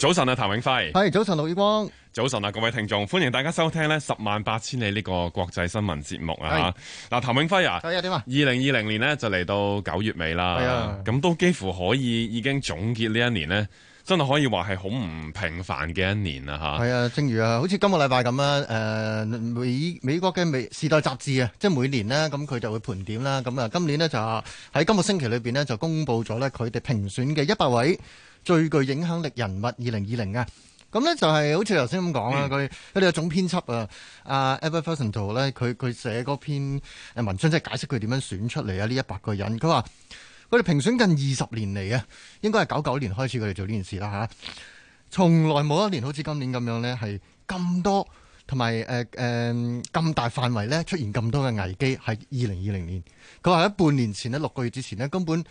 早晨啊，譚永輝係早晨，盧宇光早晨啊，各位聽眾，歡迎大家收聽呢《十萬八千里》呢個國際新聞節目啊吓。嗱是，譚永輝啊，點啊？二零二零年呢就嚟到九月尾啦。係啊，咁都幾乎可以已經總結呢一年呢，真係可以話係好唔平凡嘅一年啦、啊、吓。係啊，正如啊，好似今個禮拜咁啊，誒、呃、美美國嘅《美時代》雜誌啊，即係每年呢，咁佢就會盤點啦。咁啊，今年呢，就喺今個星期裏邊呢，就公布咗咧佢哋評選嘅一百位。最具影響力人物二零二零啊！咁呢就係好似頭先咁講啦，佢佢哋有總編輯啊，阿 Albert Personnel 咧，佢佢、uh, 寫嗰篇文章即係解釋佢點樣選出嚟啊呢一百個人。佢話佢哋評選近二十年嚟啊，應該係九九年開始佢哋做呢件事啦嚇，從來冇一年好似今年咁樣呢，係咁多同埋誒誒咁大範圍咧出現咁多嘅危機，係二零二零年。佢話喺半年前咧，六個月之前呢，根本。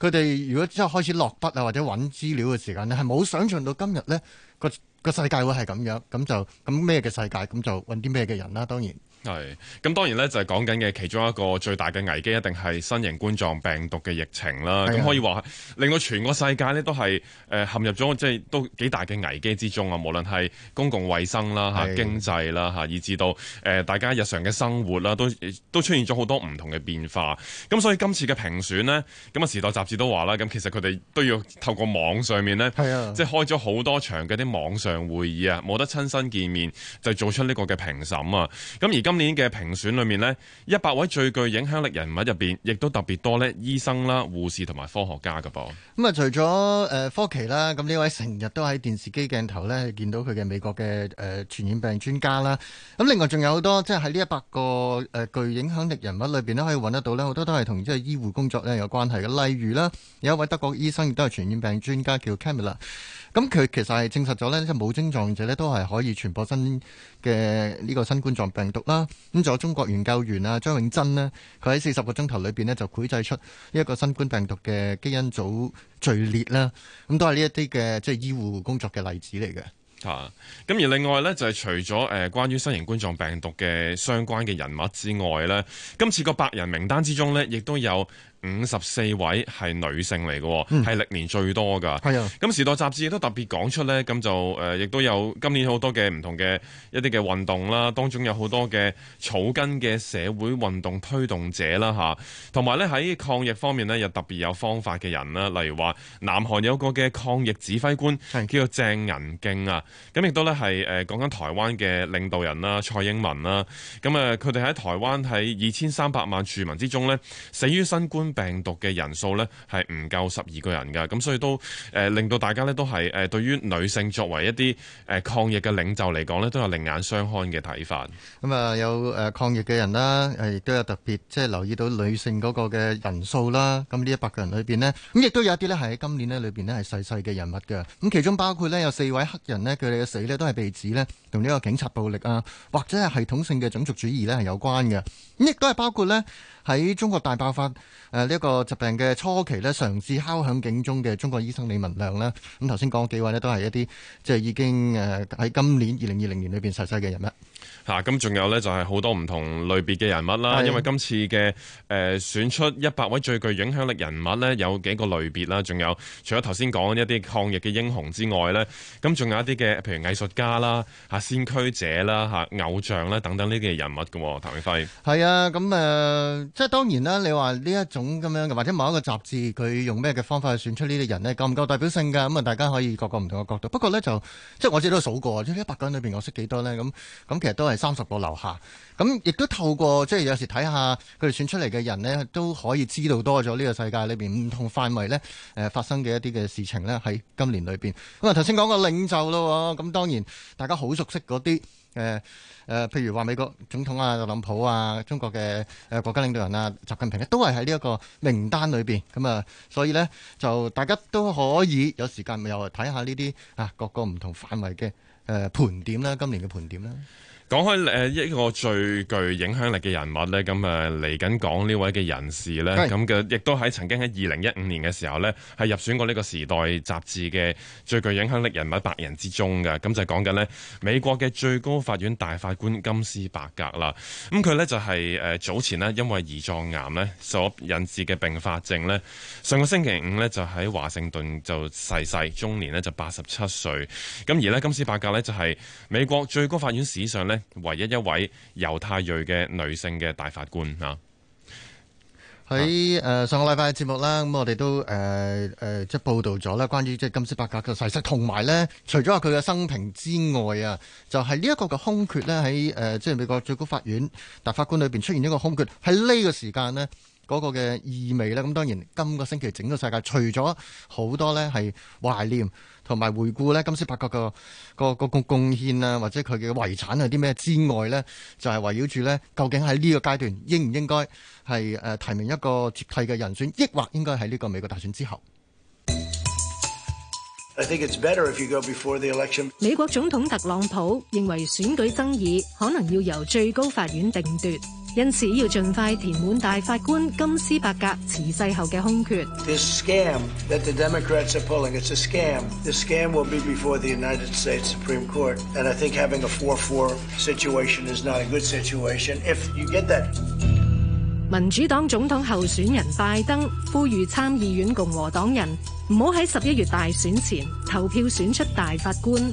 佢哋如果之後開始落筆啊，或者揾資料嘅時間咧，係冇想象到今日呢個個世界會係咁樣，咁就咁咩嘅世界，咁就揾啲咩嘅人啦，當然。係，咁當然咧，就係講緊嘅其中一個最大嘅危機，一定係新型冠狀病毒嘅疫情啦。咁的可以話令到全個世界咧都係誒、呃、陷入咗，即係都幾大嘅危機之中啊！無論係公共衛生啦、吓的經濟啦、吓以至到誒、呃、大家日常嘅生活啦，都都出現咗好多唔同嘅變化。咁所以今次嘅評選咧，咁啊時代雜誌都話啦，咁其實佢哋都要透過網上面咧，的即係開咗好多場嘅啲網上會議啊，冇得親身見面，就做出呢個嘅評審啊。咁而家。今年嘅評選裏面咧，一百位最具影響力人物入邊，亦都特別多咧，醫生啦、護士同埋科學家噶噃。咁啊，除咗誒科奇啦，咁呢位成日都喺電視機鏡頭咧，見到佢嘅美國嘅誒傳染病專家啦。咁另外仲有好多，即係喺呢一百個誒具影響力人物裏邊咧，可以揾得到咧，好多都係同即係醫護工作咧有關係嘅。例如啦，有一位德國醫生亦都係傳染病專家叫 Camilla，咁佢其實係證實咗咧，即係冇症狀者咧都係可以傳播新嘅呢個新冠狀病毒啦。咁仲有中國研究員啊，張永珍呢，佢喺四十個鐘頭裏邊呢，就繪製出一個新冠病毒嘅基因組序列啦。咁都係呢一啲嘅即係醫護工作嘅例子嚟嘅。吓、啊，咁而另外呢，就係、是、除咗誒關於新型冠狀病毒嘅相關嘅人物之外呢，今次個百人名單之中呢，亦都有。五十四位係女性嚟嘅，哦，係歷、嗯、年最多噶。係啊的，咁時代雜誌亦都特別講出咧，咁就誒亦、呃、都有今年好多嘅唔同嘅一啲嘅運動啦，當中有好多嘅草根嘅社會運動推動者啦吓，同埋咧喺抗疫方面咧又特別有方法嘅人啦，例如話南韓有一個嘅抗疫指揮官，係的叫做鄭銀敬啊，咁亦都咧係誒講緊台灣嘅領導人啦，蔡英文啦，咁啊佢哋喺台灣喺二千三百萬住民之中咧死於新冠、病毒嘅人數呢，係唔夠十二個人噶，咁所以都誒令到大家呢，都係誒對於女性作為一啲誒抗疫嘅領袖嚟講呢都有另眼相看嘅睇法。咁啊、嗯、有誒抗疫嘅人啦，誒亦都有特別即係留意到女性嗰個嘅人數啦。咁呢一百個人裏邊呢，咁亦都有一啲呢，係喺今年呢裏邊呢係細細嘅人物噶。咁其中包括呢，有四位黑人呢，佢哋嘅死呢，都係被指呢，同呢個警察暴力啊或者係系統性嘅種族主義呢，係有關嘅。咁亦都係包括呢。喺中國大爆發，誒呢一個疾病嘅初期呢，嘗試敲響警鐘嘅中國醫生李文亮呢。咁頭先講嘅幾位呢，都係一啲即係已經誒喺今年二零二零年裏邊逝世嘅人啦。嗱，咁仲、啊、有呢，就係、是、好多唔同類別嘅人物啦。因為今次嘅誒、呃、選出一百位最具影響力人物呢，有幾個類別啦。仲有除咗頭先講一啲抗疫嘅英雄之外呢，咁、啊、仲有一啲嘅，譬如藝術家啦、嚇、啊、先驅者啦、嚇、啊、偶像啦等等呢啲人物嘅、喔。譚永輝係啊，咁誒、呃，即係當然啦。你話呢一種咁樣嘅，或者某一個雜誌佢用咩嘅方法去選出呢啲人呢，夠唔夠代表性㗎？咁啊，大家可以各個唔同嘅角度。不過呢，就即係我自己都數過，一、就、百、是、個人裏邊，我識幾多呢？咁咁其實都係。三十個樓下，咁亦都透過即係有時睇下佢哋選出嚟嘅人呢，都可以知道多咗呢個世界裏邊唔同範圍呢誒發生嘅一啲嘅事情呢。喺今年裏邊，咁啊頭先講個領袖咯，咁當然大家好熟悉嗰啲誒誒，譬如話美國總統啊特朗普啊，中國嘅誒國家領導人啊，習近平呢，都係喺呢一個名單裏邊。咁啊，所以呢，就大家都可以有時間咪又睇下呢啲啊各個唔同範圍嘅誒盤點啦，今年嘅盤點啦。講開一個最具影響力嘅人物呢，咁啊嚟緊講呢位嘅人士呢，咁嘅亦都喺曾經喺二零一五年嘅時候呢，係入選過《呢個時代》雜誌嘅最具影響力人物百人之中嘅。咁就係講緊美國嘅最高法院大法官金斯伯格啦。咁佢呢就係早前呢，因為胰臟癌呢所引致嘅併發症呢，上個星期五呢就喺華盛頓就逝世，終年呢就八十七歲。咁而呢金斯伯格呢就係美國最高法院史上呢。唯一一位猶太裔嘅女性嘅大法官啊！喺誒上個禮拜嘅節目啦，咁我哋都誒誒即係報道咗啦，關於即係金斯伯格嘅逝世，同埋咧除咗話佢嘅生平之外啊，就係呢一個嘅空缺咧喺誒即係美國最高法院大法官裏邊出現一個空缺，喺呢個時間呢。嗰個嘅意味咧，咁當然今個星期整個世界除咗好多呢係懷念同埋回顧呢金斯伯格個個個個貢獻啊，或者佢嘅遺產係啲咩之外呢，就係、是、圍繞住呢究竟喺呢個階段應唔應該係誒、呃、提名一個接替嘅人選，抑或應該喺呢個美國大選之後？I think it's better if you go before the election. 美國總統特朗普認為選舉爭議可能要由最高法院定奪。因此要盡快填滿大法官金斯伯格辭世後嘅空缺。民主黨總統候選人拜登呼籲參議院共和黨人唔好喺十一月大選前投票選出大法官。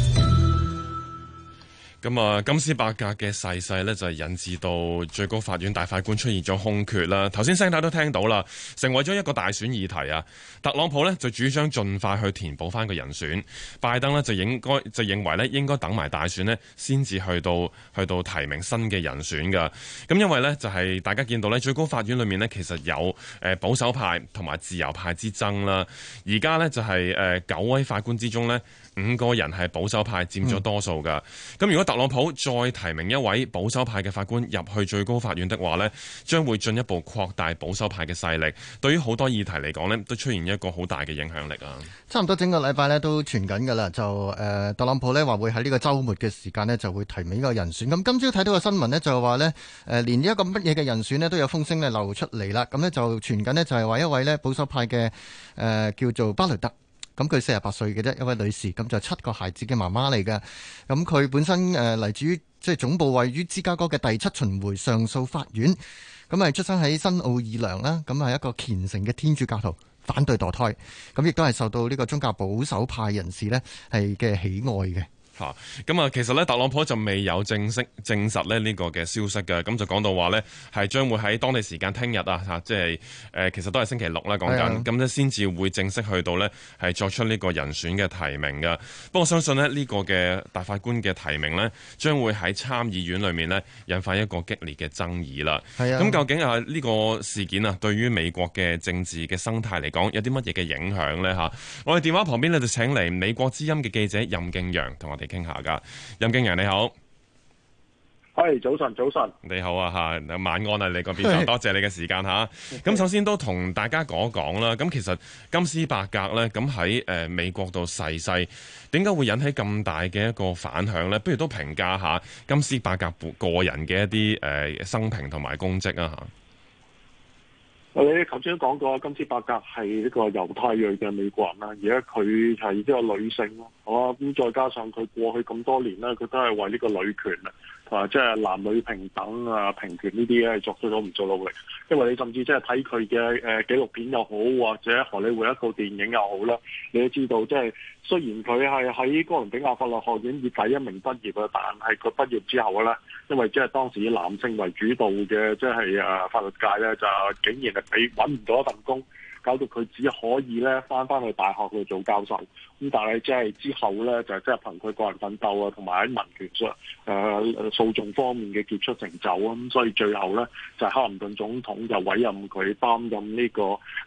咁啊，金斯伯格嘅逝世呢就係引致到最高法院大法官出現咗空缺啦。頭先聲帶都聽到啦，成為咗一個大選議題啊！特朗普呢就主張盡快去填補翻個人選，拜登呢就應該就認為呢應該等埋大選呢先至去到去到提名新嘅人選噶。咁因為呢，就係大家見到呢最高法院裏面呢其實有誒保守派同埋自由派之爭啦。而家呢，就係誒九位法官之中呢。五個人係保守派佔咗多數噶，咁、嗯、如果特朗普再提名一位保守派嘅法官入去最高法院的話呢，將會進一步擴大保守派嘅勢力。對於好多議題嚟講呢都出現一個好大嘅影響力啊！差唔多整個禮拜呢都傳緊噶啦，就誒、呃、特朗普呢話會喺呢個週末嘅時間呢就會提名一個人選。咁今朝睇到個新聞呢，就係話咧誒連一個乜嘢嘅人選咧都有風聲咧流出嚟啦。咁呢就傳緊呢，就係話一位咧保守派嘅誒、呃、叫做巴雷特。咁佢四十八歲嘅啫，一位女士，咁就是、七個孩子嘅媽媽嚟嘅。咁佢本身誒嚟自於即係總部位於芝加哥嘅第七巡迴上訴法院。咁啊，出生喺新奧爾良啦。咁係一個虔誠嘅天主教徒，反對墮胎。咁亦都係受到呢個宗教保守派人士呢係嘅喜愛嘅。吓，咁啊，其實咧特朗普就未有正式證實咧呢個嘅消息嘅，咁就講到話呢，係將會喺當地時間聽日啊，吓，即係誒，其實都係星期六啦，講緊，咁咧先至會正式去到呢，係作出呢個人選嘅提名嘅。不過相信咧呢個嘅大法官嘅提名呢，將會喺參議院裏面呢，引發一個激烈嘅爭議啦。係啊，咁究竟啊呢個事件啊對於美國嘅政治嘅生態嚟講，有啲乜嘢嘅影響呢？吓、啊，我哋電話旁邊呢，就請嚟美國之音嘅記者任敬揚同我。嚟傾下㗎，任敬揚你好，係。早晨，早晨，早晨你好啊吓，晚安啊你個邊 Hey. 多謝你嘅時間吓。咁 Hey. 首先都同大家講一講啦。咁其實金斯伯格咧，咁喺誒美國度逝世，世，點解會引起咁大嘅一個反響咧？不如都評價下金斯伯格個人嘅一啲誒生平同埋功績啊吓。我哋頭先都講過，金斯伯格係一個猶太裔嘅美國人啦，而家佢係一個女性咯。好啦，咁再加上佢過去咁多年咧，佢都係為呢個女權啊，同埋即係男女平等啊、平權呢啲咧，係作出咗唔少努力。因為你甚至即係睇佢嘅誒紀錄片又好，或者荷里活一套電影又好啦，你都知道，就是，即係雖然佢係喺哥倫比亞法律學院以第一名畢業嘅，但係佢畢業之後咧，因為即係當時以男性為主導嘅，即係法律界咧，就竟然係畀揾唔到一份工。搞到佢只可以咧返返去大學去做教授，咁但係即係之後咧就即係憑佢個人奮鬥啊，同埋喺民權上誒訴訟方面嘅傑出成就啊，咁所以最後咧就係克林頓總統就委任佢擔任呢個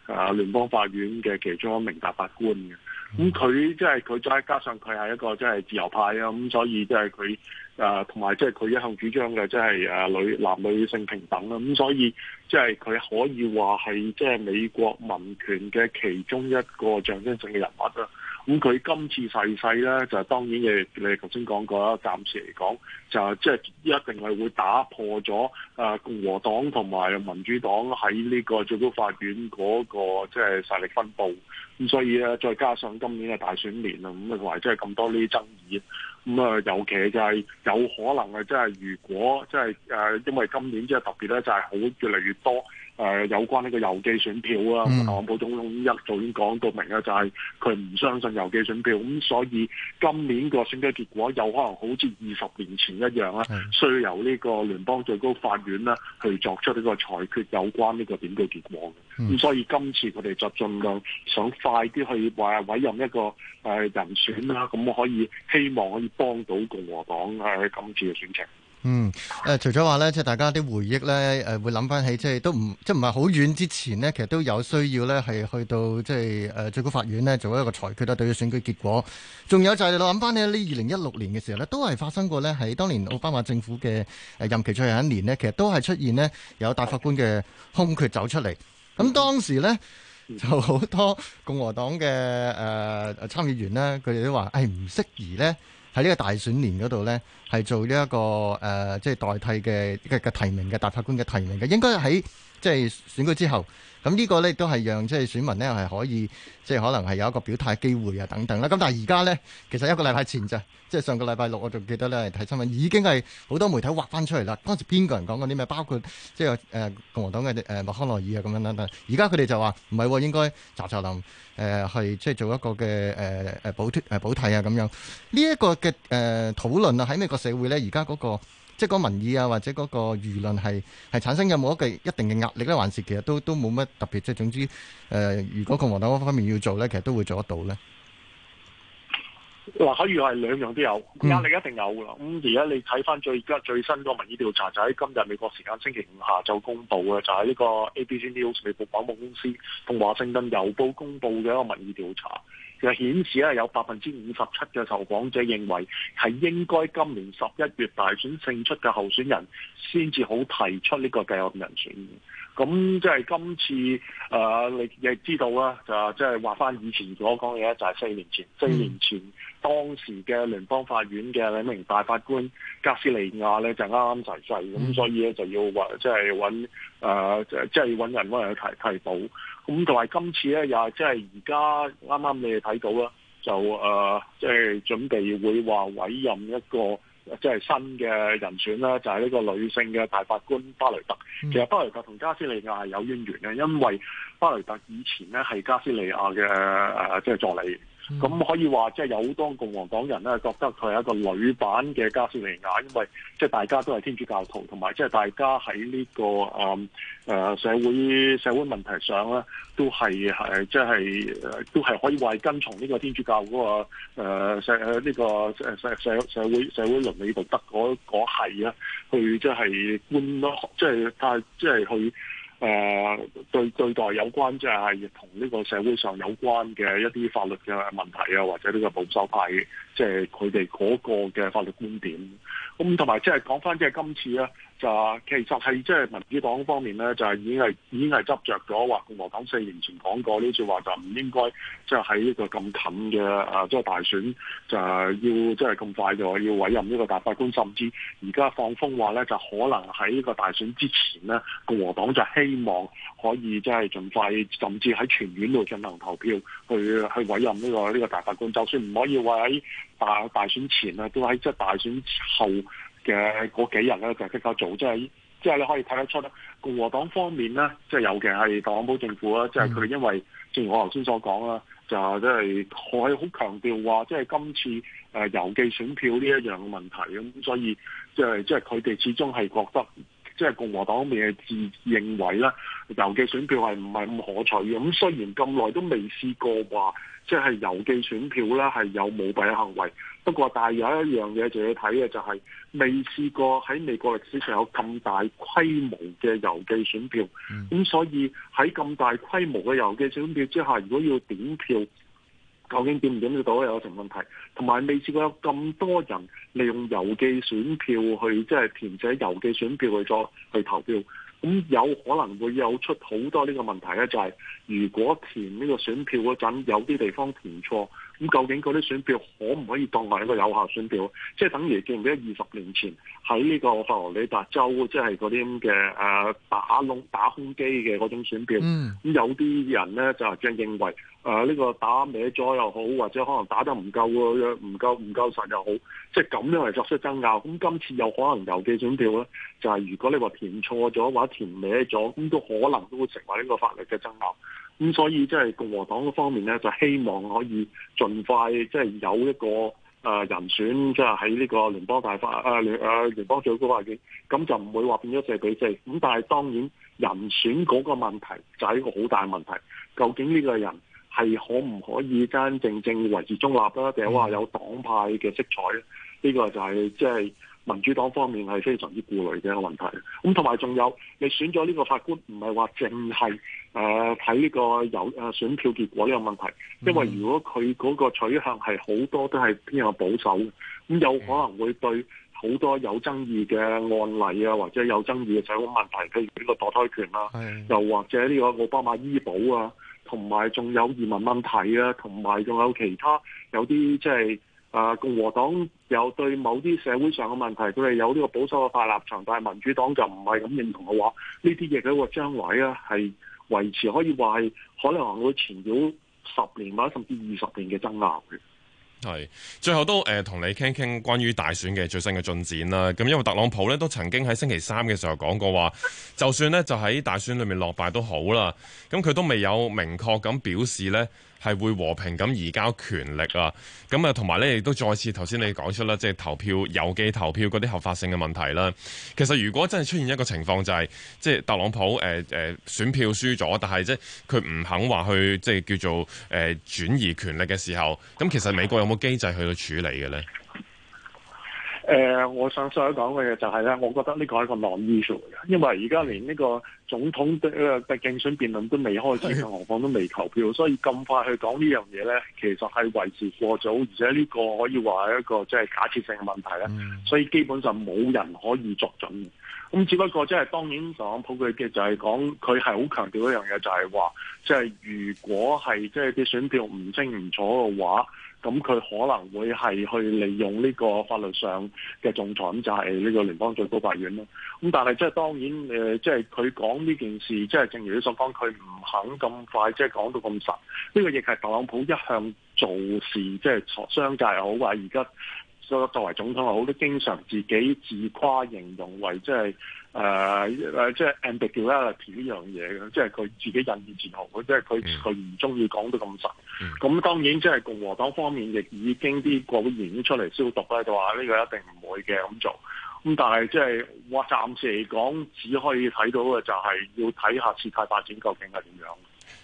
誒聯邦法院嘅其中一名大法官嘅。咁佢即係佢再加上佢係一個即係自由派啊，咁所以即係佢，誒、呃，同埋即係佢一向主張嘅即係誒女男女性平等啦、啊，咁所以即係佢可以話係即係美國民權嘅其中一個象徵性嘅人物啦、啊。咁佢今次逝世咧，就當然亦你頭先講過啦。暫時嚟講，就即係一定係會打破咗啊共和黨同埋民主黨喺呢個最高法院嗰個即係勢力分佈。咁所以咧，再加上今年嘅大選年啊，咁啊同埋即係咁多呢啲爭議。咁啊，尤其就係有可能係，即係如果即係誒，就係、因為今年即係特別咧，就係好越嚟越多。誒、呃、有關呢個郵寄選票啊，特朗普總統一早已經講到明啦，就係佢唔相信郵寄選票，咁、嗯、所以今年個選舉結果有可能好似二十年前一樣啦，嗯、需要由呢個聯邦最高法院啦去作出呢個裁決有關呢個點票結果，咁、嗯、所以今次佢哋就盡量想快啲去委任一個人選啦，咁、嗯、可以希望可以幫到共和黨喺、呃、今次嘅選情。嗯，誒、呃，除咗話咧，即係大家啲回憶咧，誒、呃，會諗翻起，即係都唔，即係唔係好遠之前呢，其實都有需要咧，係去到即係誒最高法院呢做一個裁決啦，對於選舉結果。仲有就係諗翻呢，呢二零一六年嘅時候呢，都係發生過呢，喺當年奧巴馬政府嘅誒任期最後一年呢，其實都係出現呢有大法官嘅空缺走出嚟。咁當時呢就好多共和黨嘅誒參議員呢，佢哋都話，誒唔適宜呢喺呢個大選年嗰度咧，係做呢一個誒，即係代替嘅嘅提名嘅大法官嘅提名嘅，應該喺。即係選舉之後，咁呢個咧都係讓即係選民呢係可以，即係可能係有一個表態機會啊等等啦。咁但係而家呢，其實一個禮拜前咋，即係上個禮拜六，我仲記得呢係睇新聞，已經係好多媒體挖翻出嚟啦。嗰陣時邊個人講啲咩？包括即係、呃、共和黨嘅誒麥康奈爾啊咁樣等等。而家佢哋就話唔係喎，應該查查林誒、呃、即係做一個嘅誒誒補貼誒補提啊咁樣。呢、這、一個嘅、呃、討論啊，喺美國社會呢，而家嗰個。即係嗰民意啊，或者嗰個輿論係係產生有冇一個一定嘅壓力咧，還是其實都都冇乜特別。即係總之，誒、呃，如果共和黨方面要做咧，其實都會做得到咧。嗱，可以係兩樣都有壓力，一定有噶啦。咁而家你睇翻最而家最新嗰個民意調查，就喺、是、今日美國時間星期五下晝公布嘅，就係、是、呢個 ABC News 美國廣播公司同華盛頓郵報公布嘅一個民意調查。就顯示咧，有百分之五十七嘅受訪者認為係應該今年十一月大選勝出嘅候選人先至好提出呢個計劃人選。咁即係今次誒、呃，你亦知道啦，就即係話翻以前所講嘅，就係、是、四年前，四年前、嗯、當時嘅聯邦法院嘅兩名大法官格斯尼亞咧就啱啱逝世，咁所以咧就要話即係揾誒，即係揾人幫佢提替補。咁同埋今次咧，又係即係而家啱啱你哋睇到啦，就誒即係準備會話委任一個即係新嘅人選啦，就係呢個女性嘅大法官巴雷特。其實巴雷特同加斯利亞係有淵源嘅，因為巴雷特以前咧係加斯利亞嘅誒即係助理。咁可以話，即係有好多共和黨人咧，覺得佢係一個女版嘅加斯尼亞，因為即係大家都係天主教徒，同埋即係大家喺呢個啊誒社會社會問題上咧，都係係即係都係可以話係跟從呢個天主教嗰個誒社誒呢個誒社社社會社會倫理道德嗰嗰係啊，去即係觀咯，即係睇，即係去。誒、呃、對對待有關，即係同呢個社會上有關嘅一啲法律嘅問題啊，或者呢個保守派，即係佢哋嗰個嘅法律觀點。咁同埋即係講返，即係今次啊。就其實係即係民主黨方面咧，就係已經係已經係執着咗話，共和黨四年前講過呢句話就唔應該即係喺呢個咁近嘅啊，即係大選就係要即係咁快就話，要委任呢個大法官，甚至而家放風話咧，就可能喺呢個大選之前咧，共和黨就希望可以即係盡快，甚至喺全院度進行投票去去委任呢個呢個大法官，就算唔可以話喺大大選前咧，都喺即係大選後。嘅嗰幾日咧就即刻做。即係即係你可以睇得出咧，共和黨方面咧，即係尤其係特朗普政府啦，即係佢哋因為正如我頭先所講啦，就即係可以好強調話，即係今次誒郵寄選票呢一樣嘅問題咁，所以即係即係佢哋始終係覺得。即係共和黨方面嘅自認為咧郵寄選票係唔係咁可取咁？雖然咁耐都未試過話，即係郵寄選票咧係有舞弊嘅行為。不過，但係有一樣嘢就要睇嘅就係、是、未試過喺美國歷史上有咁大規模嘅郵寄選票。咁、嗯嗯、所以喺咁大規模嘅郵寄選票之下，如果要點票？究竟點唔點得到有成問題，同埋未試過有咁多人利用郵寄選票去即係填寫郵寄選票去咗去投票，咁有可能會有出好多呢個問題咧，就係如果填呢個選票嗰陣有啲地方填錯。咁究竟嗰啲選票可唔可以當係一個有效選票？即係等於記唔記得二十年前喺呢、這個佛羅里達州，即係嗰啲咁嘅誒打窿打空機嘅嗰種選票。咁、嗯、有啲人咧就即係認為誒呢、呃這個打歪咗又好，或者可能打得唔夠唔夠唔夠實又好，即係咁樣嚟作出爭拗。咁今次有可能郵寄選票咧，就係、是、如果你話填錯咗或者填歪咗，咁都可能都會成為呢個法律嘅爭拗。咁、嗯、所以即係共和黨嗰方面咧，就希望可以盡快即係有一個誒、呃、人選，即係喺呢個聯邦大法誒、啊、聯誒、啊、聯邦最高法院，咁就唔會話變咗四比四。咁、嗯、但係當然人選嗰個問題就係一個好大問題，究竟呢個人係可唔可以真正正維持中立啦，定係話有黨派嘅色彩咧？呢、這個就係即係。就是民主黨方面係非常之顧慮嘅一個問題，咁同埋仲有你選咗呢個法官，唔係話淨係誒睇呢個有誒選票結果呢個問題，因為如果佢嗰個取向係好多都係偏向保守，咁有可能會對好多有爭議嘅案例啊，或者有爭議嘅社會問題，譬如呢個墮胎權啦，的又或者呢個奧巴馬醫保啊，同埋仲有移民問題啊，同埋仲有其他有啲即係。就是啊，共和黨有對某啲社會上嘅問題，佢哋有呢個保守嘅大立場，但係民主黨就唔係咁認同嘅話，呢啲嘢，喺個將來咧係維持可以話係可能行到前十年或者甚至二十年嘅爭拗嘅。係，最後都誒同、呃、你傾傾關於大選嘅最新嘅進展啦。咁因為特朗普呢都曾經喺星期三嘅時候講過話， 就算呢就喺大選裡面落敗都好啦，咁佢都未有明確咁表示呢。係會和平咁移交權力啊！咁啊，同埋咧，亦都再次頭先你講出啦，即係投票、郵寄投票嗰啲合法性嘅問題啦。其實如果真係出現一個情況、就是，就係即係特朗普誒誒、呃、選票輸咗，但係即係佢唔肯話去即係叫做誒轉、呃、移權力嘅時候，咁其實美國有冇機制去到處理嘅咧？誒、呃，我想想講嘅嘢就係、是、咧，我覺得呢個係一個難 issue 因為而家連呢、這個。總統嘅嘅競選辯論都未開始，更何況都未投票，的所以咁快去講呢樣嘢咧，其實係為時過早，而且呢個可以話係一個即係假設性嘅問題咧，所以基本上冇人可以作準。咁只不過即係當然特朗普佢嘅就係講佢係好強調一樣嘢，就係話即係如果係即係啲選票唔清唔楚嘅話。咁佢可能會係去利用呢個法律上嘅仲裁，就係呢個聯邦最高法院咯。咁但係即係當然，誒即係佢講呢件事，即係正如你所講，佢唔肯咁快即係講到咁實。呢個亦係特朗普一向做事即係商界又好話而家。作為總統又好，很多都經常自己自誇形容為即係誒誒，即係 ambiguity 呢樣嘢嘅，即係佢自己引以自豪。佢即係佢，佢唔中意講到咁實。咁、嗯、當然，即係共和黨方面亦已經啲官員出嚟消毒咧，就話呢個一定唔會嘅咁做。咁但係即係我暫時嚟講，只可以睇到嘅就係要睇下事態發展究竟係點樣。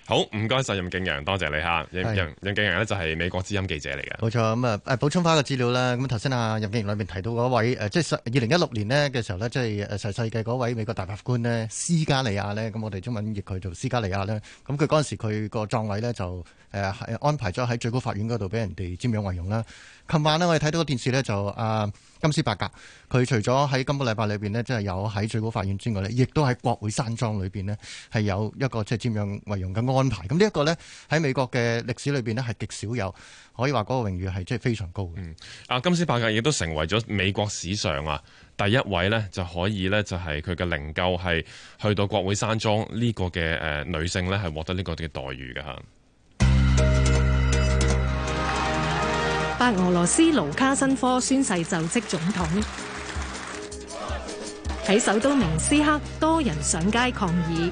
好，唔該晒任敬揚，多謝你哈。任任敬揚呢就係美國之音記者嚟嘅。冇錯，咁啊，誒，補充翻個資料啦。咁頭先啊，任敬揚裏邊提到嗰位誒，即係二零一六年呢嘅時候呢，即係誒世世界嗰位美國大法官呢，斯加利亞呢。咁我哋中文譯佢做斯加利亞呢。咁佢嗰陣時佢個葬禮，呢就誒安排咗喺最高法院嗰度俾人哋瞻仰遺容啦。琴晚呢，我哋睇到個電視呢，就啊金斯伯格，佢除咗喺今個禮拜裏邊呢，即係有喺最高法院之外呢，亦都喺國會山莊裏邊呢，係有一個即係瞻仰遺容咁。安排咁，呢一個咧喺美國嘅歷史裏邊呢，係極少有，可以話嗰個榮譽係即係非常高嘅。嗯，啊金斯伯格亦都成為咗美國史上啊第一位呢，就可以呢，就係佢嘅靈柩係去到國會山莊呢個嘅誒、呃、女性呢，係獲得呢個嘅待遇嘅吓。白俄羅斯盧卡申科宣誓就職總統，喺首都明斯克多人上街抗議。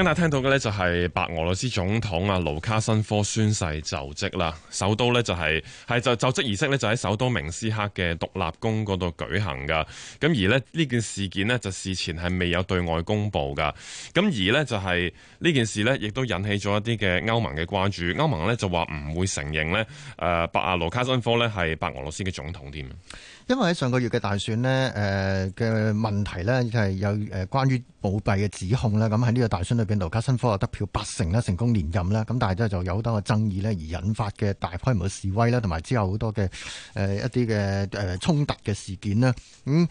今日聽到嘅呢，就係白俄羅斯總統啊盧卡申科宣誓就職啦，首都呢、就係，就係係就就職儀式呢，就喺首都明斯克嘅獨立宮嗰度舉行噶。咁而呢，呢件事件呢，就事前係未有對外公布噶。咁而呢，就係呢件事呢，亦都引起咗一啲嘅歐盟嘅關注，歐盟呢，就話唔會承認呢誒白俄盧卡申科呢係白俄羅斯嘅總統添。因為喺上個月嘅大選呢，誒、呃、嘅問題咧係有誒關於舞弊嘅指控啦，咁喺呢個大選盧卡申科啊得票八成咧成功連任咧，咁但係就有好多嘅爭議咧而引發嘅大規模示威啦，同埋之後好多嘅誒、呃、一啲嘅誒衝突嘅事件、嗯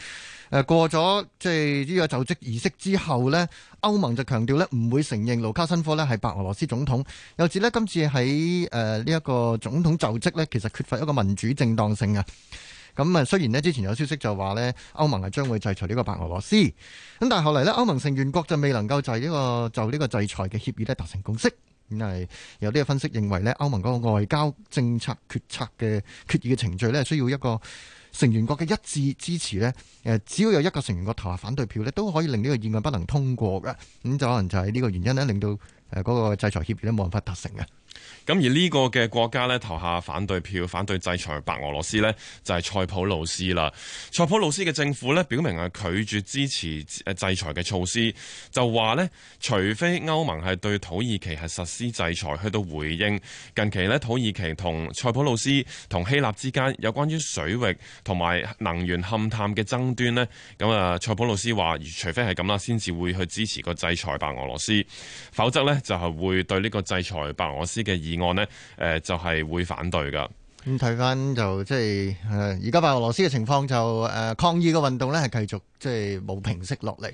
呃、過咁誒過咗即係呢個就職儀式之後咧，歐盟就強調咧唔會承認盧卡申科咧係白俄羅斯總統，又指咧今次喺誒呢一個總統就職咧，其實缺乏一個民主正當性嘅。咁啊，雖然咧之前有消息就話咧，歐盟係將會制裁呢個白俄羅斯，咁但係後嚟咧，歐盟成員國就未能夠、呢個、就呢個就呢個制裁嘅協議咧達成共識，咁係有啲分析認為咧，歐盟嗰個外交政策決策嘅決議嘅程序咧，需要一個成員國嘅一致支持咧，誒，只要有一個成員國投下反對票咧，都可以令呢個議案不能通過嘅，咁就可能就係呢個原因咧，令到誒嗰個制裁協議咧冇辦法達成嘅。咁而呢個嘅國家呢，投下反對票反對制裁白俄羅斯呢，就係塞浦路斯啦。塞浦路斯嘅政府呢，表明係拒絕支持制裁嘅措施，就話呢，除非歐盟係對土耳其係實施制裁，去到回應近期呢，土耳其同塞浦路斯同希臘之間有關於水域同埋能源勘探嘅爭端呢。咁啊，塞浦路斯話除非係咁啦，先至會去支持個制裁白俄羅斯，否則呢，就係會對呢個制裁白俄羅斯。嘅議案呢，誒、呃、就係、是、會反對噶。咁睇翻就即係，而家白俄羅斯嘅情況就誒抗議嘅運動呢係繼續即係冇平息落嚟。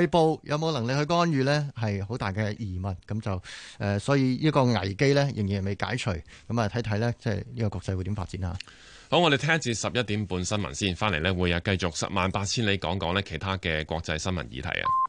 外部有冇能力去干預呢？係好大嘅疑問。咁就誒，所以呢個危機呢，仍然係未解除。咁啊，睇睇呢，即係呢個國際會點發展啊？好，我哋聽一節十一點半新聞先，翻嚟呢會啊繼續十萬八千里講講呢其他嘅國際新聞議題啊。